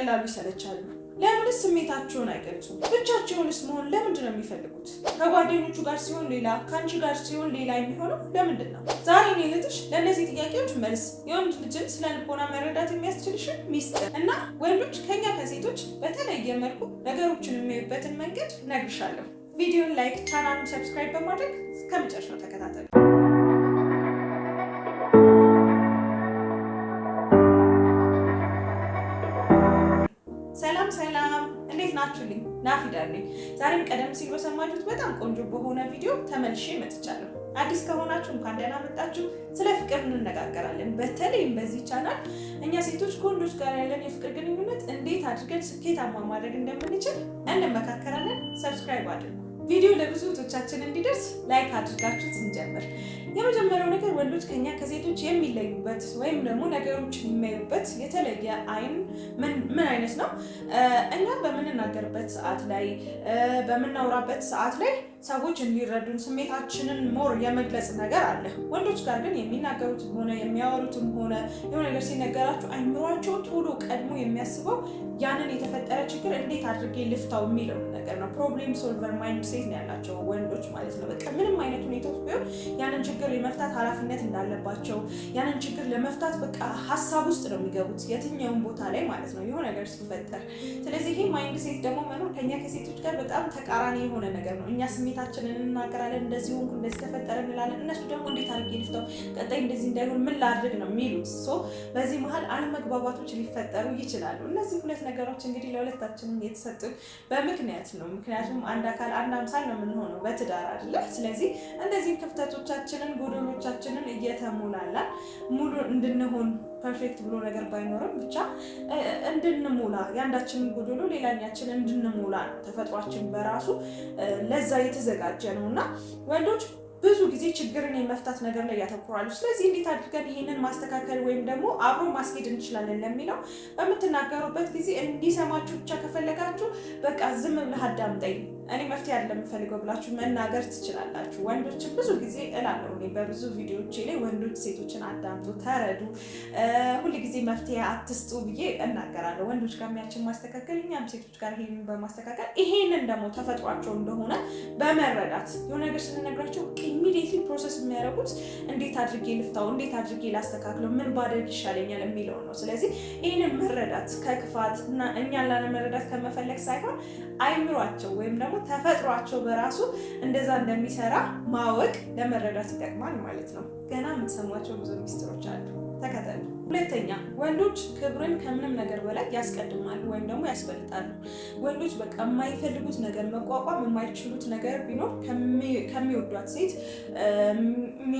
በቀላሉ ይሰለቻሉ። ለምንስ ስሜታቸውን አይገልጹም? ብቻቸውንስ መሆን ለምንድን ነው የሚፈልጉት? ከጓደኞቹ ጋር ሲሆን ሌላ፣ ከአንቺ ጋር ሲሆን ሌላ የሚሆነው ለምንድን ነው? ዛሬ እኔ እህትሽ ለእነዚህ ጥያቄዎች መልስ፣ የወንድ ልጅን ስነ ልቦና መረዳት የሚያስችልሽን ሚስጥር እና ወንዶች ከኛ ከሴቶች በተለየ መልኩ ነገሮችን የሚያዩበትን መንገድ እነግርሻለሁ። ቪዲዮን ላይክ፣ ቻናሉን ሰብስክራይብ በማድረግ እስከመጨረሻው ተከታተሉ። ናችሁልኝ ናፊዳልኝ። ዛሬም ቀደም ሲል በሰማችሁት በጣም ቆንጆ በሆነ ቪዲዮ ተመልሼ መጥቻለሁ። አዲስ ከሆናችሁ እንኳን ደህና መጣችሁ። ስለ ፍቅር እንነጋገራለን። በተለይም በዚህ ቻናል እኛ ሴቶች ከወንዶች ጋር ያለን የፍቅር ግንኙነት እንዴት አድርገን ስኬታማ ማድረግ እንደምንችል እንመካከራለን። ሰብስክራይብ አድርጉ። ቪዲዮ ለብዙ እህቶቻችን እንዲደርስ ላይክ አድርጋችሁ ስንጀምር የመጀመሪያው ነገር ወንዶች ከኛ ከሴቶች የሚለዩበት ወይም ደግሞ ነገሮች የሚያዩበት የተለየ አይን ምን አይነት ነው? እኛ በምንናገርበት ሰዓት ላይ በምናወራበት ሰዓት ላይ ሰዎች እንዲረዱን ስሜታችንን ሞር የመግለጽ ነገር አለ። ወንዶች ጋር ግን የሚናገሩትም ሆነ የሚያወሩትም ሆነ የሆነ ነገር ሲነገራቸው አይምሯቸው ቶሎ ቀድሞ የሚያስበው ያንን የተፈጠረ ችግር እንዴት አድርጌ ልፍታው የሚለው ነገር ነው። ፕሮብሌም ሶልቨር ማይንድ ሴት ነው ያላቸው ወንዶች ማለት ነው። በቃ ምንም አይነት ሁኔታ ውስጥ ቢሆን ያንን ችግር የመፍታት ኃላፊነት እንዳለባቸው ያንን ችግር ለመፍታት በቃ ሀሳብ ውስጥ ነው የሚገቡት የትኛውም ቦታ ላይ ማለት ነው የሆነ ነገር ሲፈጠር። ስለዚህ ይህ ማይንድ ሴት ደግሞ መኖር ከኛ ከሴቶች ጋር በጣም ተቃራኒ የሆነ ነገር ነው። እኛ ስሜ ስሜታችንን እንናገራለን። እንደዚህ ሆንኩ፣ እንደዚህ ተፈጠረ እንላለን። እነሱ ደግሞ እንዴት አድርጌ ልፍታው፣ ቀጣይ እንደዚህ እንዳይሆን ምን ላድርግ ነው የሚሉት። ሶ በዚህ መሀል አለመግባባቶች ሊፈጠሩ ይችላሉ። እነዚህ ሁለት ነገሮች እንግዲህ ለሁለታችንም የተሰጡት በምክንያት ነው። ምክንያቱም አንድ አካል አንድ አምሳል ነው የምንሆነው በትዳር አይደለ? ስለዚህ እነዚህን ክፍተቶቻችንን ጎደሎቻችንን እየተሞላላን ሙሉ እንድንሆን ፐርፌክት ብሎ ነገር ባይኖርም ብቻ እንድንሞላ የአንዳችንን ጎዶሎ ሌላኛችን እንድንሞላ ነው። ተፈጥሯችን በራሱ ለዛ የተዘጋጀ ነው እና ወንዶች ብዙ ጊዜ ችግርን የመፍታት ነገር ላይ ያተኩራሉ። ስለዚህ እንዴት አድርገን ይህንን ማስተካከል ወይም ደግሞ አብሮ ማስኬድ እንችላለን ለሚለው በምትናገሩበት ጊዜ እንዲሰማችሁ ብቻ ከፈለጋችሁ በቃ ዝም ብለህ አዳምጠኝ እኔ መፍትሄ ያለ የምፈልገው ብላችሁ መናገር ትችላላችሁ። ወንዶችን ብዙ ጊዜ እላለሁ እኔ በብዙ ቪዲዮዎቼ ላይ ወንዶች ሴቶችን አዳምጡ፣ ተረዱ፣ ሁል ጊዜ መፍትሄ አትስጡ ብዬ እናገራለሁ። ወንዶች ጋር ያችን ማስተካከል፣ እኛም ሴቶች ጋር ይሄንን በማስተካከል ይሄንን ደግሞ ተፈጥሯቸው እንደሆነ በመረዳት የሆነ ነገር ስንነግራቸው ኢሚዲየትሊ ፕሮሰስ የሚያደርጉት እንዴት አድርጌ ልፍታው፣ እንዴት አድርጌ ላስተካክለው፣ ምን ባደርግ ይሻለኛል የሚለው ነው። ስለዚህ ይህንን መረዳት ከክፋት እኛን ላለመረዳት ከመፈለግ ሳይሆን አይምሯቸው ወይም ደግሞ ተፈጥሯቸው በራሱ እንደዛ እንደሚሰራ ማወቅ ለመረዳት ይጠቅማል ማለት ነው። ገና የምትሰሟቸው ብዙ ሚስጥሮች አሉ። ተከተሉ። ሁለተኛ ወንዶች ክብርን ከምንም ነገር በላይ ያስቀድማሉ ወይም ደግሞ ያስበልጣሉ። ወንዶች በቃ የማይፈልጉት ነገር መቋቋም የማይችሉት ነገር ቢኖር ከሚወዷት ሴት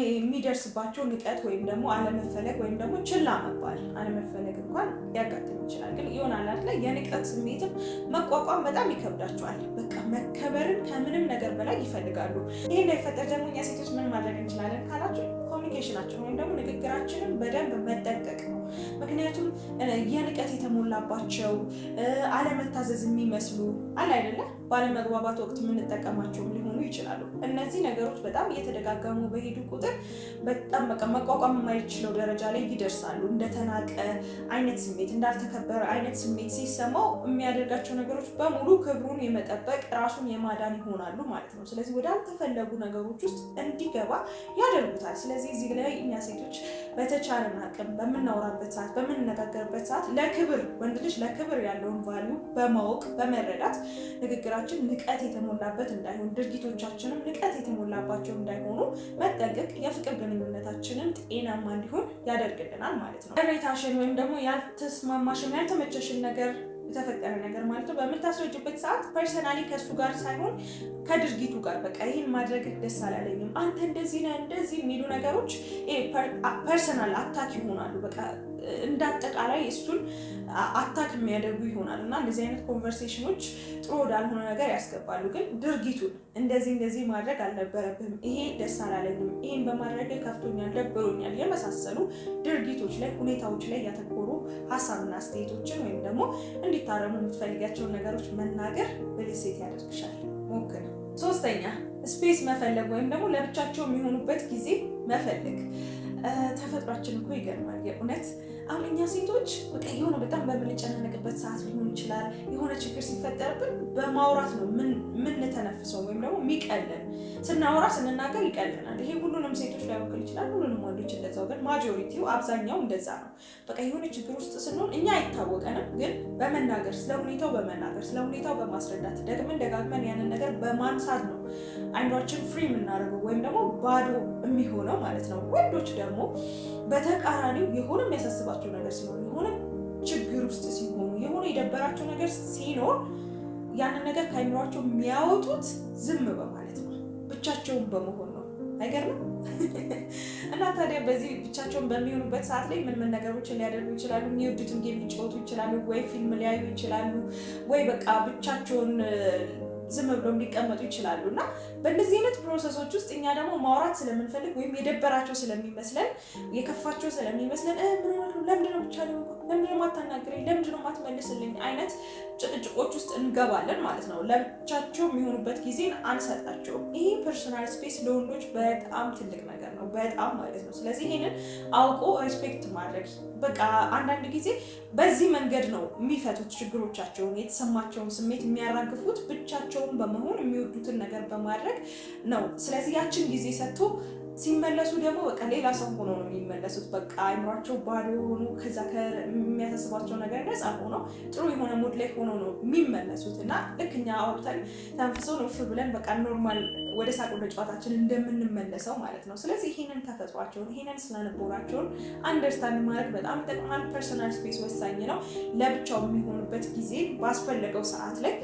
የሚደርስባቸው ንቀት ወይም ደግሞ አለመፈለግ ወይም ደግሞ ችላ መባል። አለመፈለግ እንኳን ሊያጋጥም ይችላል፣ ግን የሆነ አላት ላይ የንቀት ስሜትም መቋቋም በጣም ይከብዳቸዋል። በቃ መከበርን ከምንም ነገር በላይ ይፈልጋሉ። ይህ እንዳይፈጠር ደግሞ እኛ ሴቶች ምን ማድረግ እንችላለን ካላችሁ ኮሚኒኬሽናችን ወይም ደግሞ ንግግራችንን በደንብ መጠንቀቅ ነው። ምክንያቱም የንቀት የተሞላባቸው አለመታዘዝ የሚመስሉ አለ አይደለ ባለመግባባት ወቅት የምንጠቀማቸውም ሊሆኑ ይችላሉ። እነዚህ ነገሮች በጣም እየተደጋገሙ በሄዱ ቁጥር በጣም በቃ መቋቋም የማይችለው ደረጃ ላይ ይደርሳሉ። እንደተናቀ አይነት ስሜት፣ እንዳልተከበረ አይነት ስሜት ሲሰማው የሚያደርጋቸው ነገሮች በሙሉ ክብሩን የመጠበቅ ራሱን የማዳን ይሆናሉ ማለት ነው። ስለዚህ ወዳልተፈለጉ ነገሮች ውስጥ እንዲገባ ያደርጉታል። ስለዚህ እዚህ ላይ እኛ ሴቶች በተቻለን አቅም በምናወራ በምናወራበት ሰዓት በምንነጋገርበት ሰዓት ለክብር ወንድ ልጅ ለክብር ያለውን ቫሊዩ በማወቅ በመረዳት ንግግራችን ንቀት የተሞላበት እንዳይሆን፣ ድርጊቶቻችንም ንቀት የተሞላባቸው እንዳይሆኑ መጠንቀቅ የፍቅር ግንኙነታችንን ጤናማ እንዲሆን ያደርግልናል ማለት ነው። ቅሬታሽን ወይም ደግሞ ያልተስማማሽን ያልተመቸሽን ነገር የተፈጠረ ነገር ማለት ነው። በምታስረጅበት ሰዓት ፐርሰናሊ ከእሱ ጋር ሳይሆን ከድርጊቱ ጋር በቃ ይህን ማድረግ ደስ አላለኝም፣ አንተ እንደዚህ ነህ እንደዚህ የሚሉ ነገሮች ፐርሰናል አታክ ይሆናሉ በቃ እንዳጠቃላይ አጠቃላይ እሱን አታክ የሚያደርጉ ይሆናል እና እንደዚህ አይነት ኮንቨርሴሽኖች ጥሩ ወዳልሆነ ነገር ያስገባሉ። ግን ድርጊቱን እንደዚህ እንደዚህ ማድረግ አልነበረብህም፣ ይሄ ደስ አላለኝም፣ ይሄን በማድረግ ከፍቶኛል፣ ደብሮኛል የመሳሰሉ ድርጊቶች ላይ ሁኔታዎች ላይ ያተኮሩ ሀሳብና አስተያየቶችን ወይም ደግሞ እንዲታረሙ የምትፈልጋቸውን ነገሮች መናገር ብልሴት ያደርግሻል። ሞክር። ሶስተኛ ስፔስ መፈለግ ወይም ደግሞ ለብቻቸው የሚሆኑበት ጊዜ መፈለግ ተፈጥሯችን እኮ ይገርማል። የእውነት አሁን እኛ ሴቶች በቃ የሆነ በጣም በምንጨናነቅበት ሰዓት ሊሆን ይችላል የሆነ ችግር ሲፈጠርብን በማውራት ነው ምንተነፍሰው ወይም ደግሞ የሚቀልን ስናወራ ስንናገር ይቀልናል። ይሄ ሁሉንም ሴቶች ላይወክል ይችላል፣ ሁሉንም ወንዶች እንደዛው፣ ግን ማጆሪቲው አብዛኛው እንደዛ ነው። በቃ የሆነ ችግር ውስጥ ስንሆን እኛ አይታወቀንም፣ ግን በመናገር ስለ ሁኔታው በመናገር ስለ ሁኔታው በማስረዳት ደግመን ደጋግመን ያንን ነገር በማንሳት ነው አይምሯችን ፍሪ የምናደርገው ወይም ደግሞ ባዶ የሚሆነው ማለት ነው። ወንዶች ደግሞ በተቃራኒው የሆነ የሚያሳስባቸው ነገር ሲኖር፣ የሆነ ችግር ውስጥ ሲሆኑ፣ የሆነ የደበራቸው ነገር ሲኖር ያንን ነገር ከአይምሯቸው የሚያወጡት ዝም በማለት ነው፣ ብቻቸውን በመሆን ነው። አይገርምም? እና ታዲያ በዚህ ብቻቸውን በሚሆኑበት ሰዓት ላይ ምን ምን ነገሮችን ሊያደርጉ ይችላሉ? የሚወዱትን ጌም ሊጫወቱ ይችላሉ፣ ወይ ፊልም ሊያዩ ይችላሉ፣ ወይ በቃ ብቻቸውን ዝም ብለው ሊቀመጡ ይችላሉ እና በእነዚህ አይነት ፕሮሰሶች ውስጥ እኛ ደግሞ ማውራት ስለምንፈልግ ወይም የደበራቸው ስለሚመስለን የከፋቸው ስለሚመስለን ምን ነው ለምንድነው ብቻ ለምንድነው የማታናግረኝ? ለምንድነው የማትመልስልኝ? አይነት ጭቅጭቆች ውስጥ እንገባለን ማለት ነው። ለብቻቸው የሚሆኑበት ጊዜን አንሰጣቸውም። ይሄ ፐርሶናል ስፔስ ለወንዶች በጣም ትልቅ ነገር ነው፣ በጣም ማለት ነው። ስለዚህ ይሄንን አውቆ ሪስፔክት ማድረግ በቃ አንዳንድ ጊዜ በዚህ መንገድ ነው የሚፈቱት ችግሮቻቸውን፣ የተሰማቸውን ስሜት የሚያራግፉት ብቻቸውን በመሆን የሚወዱትን ነገር በማድረግ ነው። ስለዚህ ያችን ጊዜ ሰጥቶ ሲመለሱ ደግሞ በቃ ሌላ ሰው ሆኖ ነው የሚመለሱት። በቃ አይምሯቸው ባዶ የሆኑ ከዛ ከሚያሳስባቸው ነገር ነጻ ሆኖ ጥሩ የሆነ ሙድ ላይ ሆኖ ነው የሚመለሱት እና ልክ እኛ አውርተን ተንፍሶ ነው ፍ ብለን በቃ ኖርማል ወደ ሳቁን ጨዋታችን እንደምንመለሰው ማለት ነው። ስለዚህ ይሄንን ተፈጥሯቸውን ይሄንን ስነልቦናቸውን አንደርስታንድ ማድረግ በጣም ይጠቅማል። ፐርሶናል ስፔስ ወሳኝ ነው። ለብቻው የሚሆኑበት ጊዜ ባስፈለገው ሰዓት ላይ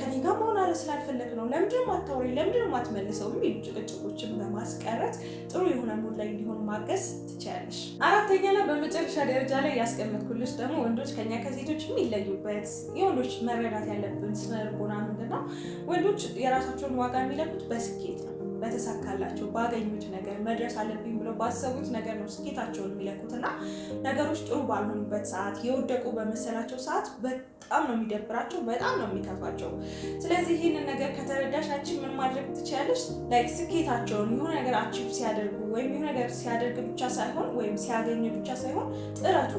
ከኔ ጋር መሆን አለ ስላልፈለግ ነው ለምንድን ማታወሪ ለምንድን ማትመልሰው የሚሉ ጭቅጭቆችን በማስቀረት ጥሩ የሆነ ሙድ ላይ እንዲሆን ማገዝ ትችላለሽ። አራተኛ እና በመጨረሻ ደረጃ ላይ ያስቀመጥኩልሽ ደግሞ ወንዶች ከኛ ከሴቶች የሚለዩበት የወንዶች መረዳት ያለብን ስነልቦና ምንድን ነው? ወንዶች የራሳቸውን ዋጋ የሚለኩት በሴ ስኬት ነው። በተሳካላቸው ባገኙት ነገር መድረስ አለብኝ ብለው ባሰቡት ነገር ነው ስኬታቸውን የሚለኩት እና ነገሮች ጥሩ ባልሆኑበት ሰዓት፣ የወደቁ በመሰላቸው ሰዓት በጣም ነው የሚደብራቸው፣ በጣም ነው የሚከፋቸው። ስለዚህ ይህንን ነገር ከተረዳሽ ምን ማድረግ ትችላለች? ላይክ ስኬታቸውን የሆነ ነገር አቺቭ ሲያደርጉ ወይም የሆነ ነገር ሲያደርግ ብቻ ሳይሆን ወይም ሲያገኝ ብቻ ሳይሆን ጥረቱ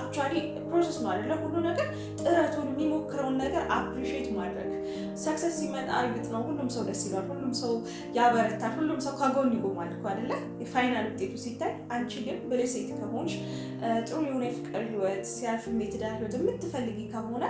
አክቹዋሊ ፕሮሰስ ነው አይደለ? ሁሉ ነገር ጥረቱን የሚሞክረውን ነገር አፕሪሺየት ማድረግ ሰክሰስ ሲመጣ እርግጥ ነው ሁሉም ሰው ደስ ይሏል፣ ሁሉም ሰው ያበረታል፣ ሁሉም ሰው ከጎን ይጎማል እኮ አይደለ? የፋይናል ውጤቱ ሲታይ አንቺ ግን ብልህ ሴት ከሆንሽ ጥሩ የሆነ የፍቅር ህይወት ሲያልፍ የትዳር ህይወት የምትፈልጊ ከሆነ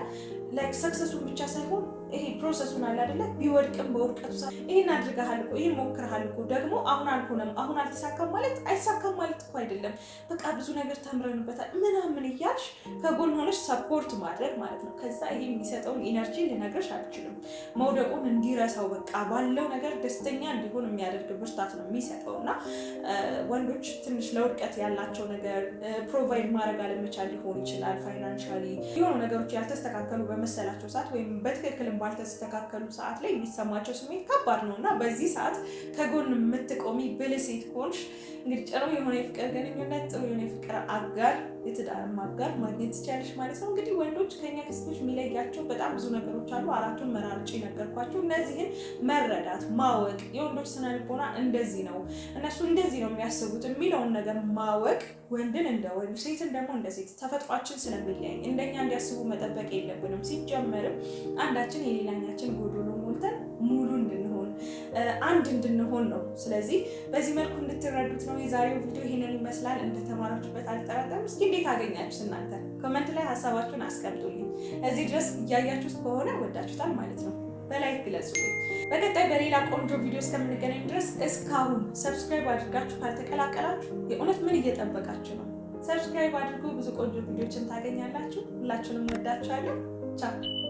ላይክ ሰክሰሱን ብቻ ሳይሆን ይሄ ፕሮሰሱን አለ አይደለ? ቢወድቅም በውድቀቱ ሰ ይህን አድርገሃል እኮ ይህን ሞክረሃል እኮ ደግሞ አሁን አልሆነም አሁን አልተሳካም ማለት አይሳካም ማለት እኮ አይደለም። በቃ ብዙ ነገር ተምረንበታል ምናምን እያልሽ ከጎን ሆነሽ ሰፖርት ማድረግ ማለት ነው። ከዛ ይሄ የሚሰጠውን ኢነርጂ ልነግርሽ አልችልም። መውደቁን እንዲረሳው በቃ ባለው ነገር ደስተኛ እንዲሆን የሚያደርግ ብርታት ነው የሚሰጠው እና ወንዶች ትንሽ ለውድቀት ያላቸው ነገር ፕሮቫይድ ማድረግ አለመቻል ሊሆን ይችላል። ፋይናንሻሊ የሆኑ ነገሮች ያልተስተካከሉ በመሰላቸው ሰዓት ወይም በትክክል ባልተስተካከሉ ሰዓት ላይ የሚሰማቸው ስሜት ከባድ ነው እና በዚህ ሰዓት ከጎን የምትቆሚ ብልህ ሴት ከሆንሽ እንግዲህ ጥሩ የሆነ የፍቅር ግንኙነት፣ ጥሩ የሆነ የፍቅር አጋር፣ የትዳር አጋር ማግኘት ትችላለሽ ማለት ነው። እንግዲህ ወንዶች ከኛ ከሴቶች የሚለያቸው በጣም ብዙ ነገሮች አሉ። አራቱን መራርጭ ነገርኳቸው። እነዚህን መረዳት ማወቅ፣ የወንዶች ስነ ልቦና እንደዚህ ነው፣ እነሱ እንደዚህ ነው የሚያስቡት የሚለውን ነገር ማወቅ ወንድን እንደ ወንድ ሴትን ደግሞ እንደ ሴት ተፈጥሯችን ስለሚለያይ እንደኛ እንዲያስቡ መጠበቅ የለብንም። ሲጀመርም አንዳችን የሌላኛችን ጎዶሎ ሞልተን ሙሉ እንድንሆን አንድ እንድንሆን ነው። ስለዚህ በዚህ መልኩ እንድትረዱት ነው የዛሬው ቪዲዮ ይህንን ይመስላል። እንደተማራችሁበት አልጠራጠርም። እስኪ እንዴት አገኛችሁ እናንተ ኮመንት ላይ ሀሳባችሁን አስቀምጡልኝ። እዚህ ድረስ እያያችሁት ከሆነ ወዳችሁታል ማለት ነው በላይ ግለጹ። በቀጣይ በሌላ ቆንጆ ቪዲዮ እስከምንገናኝ ድረስ እስካሁን ሰብስክራይብ አድርጋችሁ ካልተቀላቀላችሁ የእውነት ምን እየጠበቃችሁ ነው? ሰብስክራይብ አድርጉ። ብዙ ቆንጆ ቪዲዮችን ታገኛላችሁ። ሁላችሁንም ወዳችኋለሁ። ቻው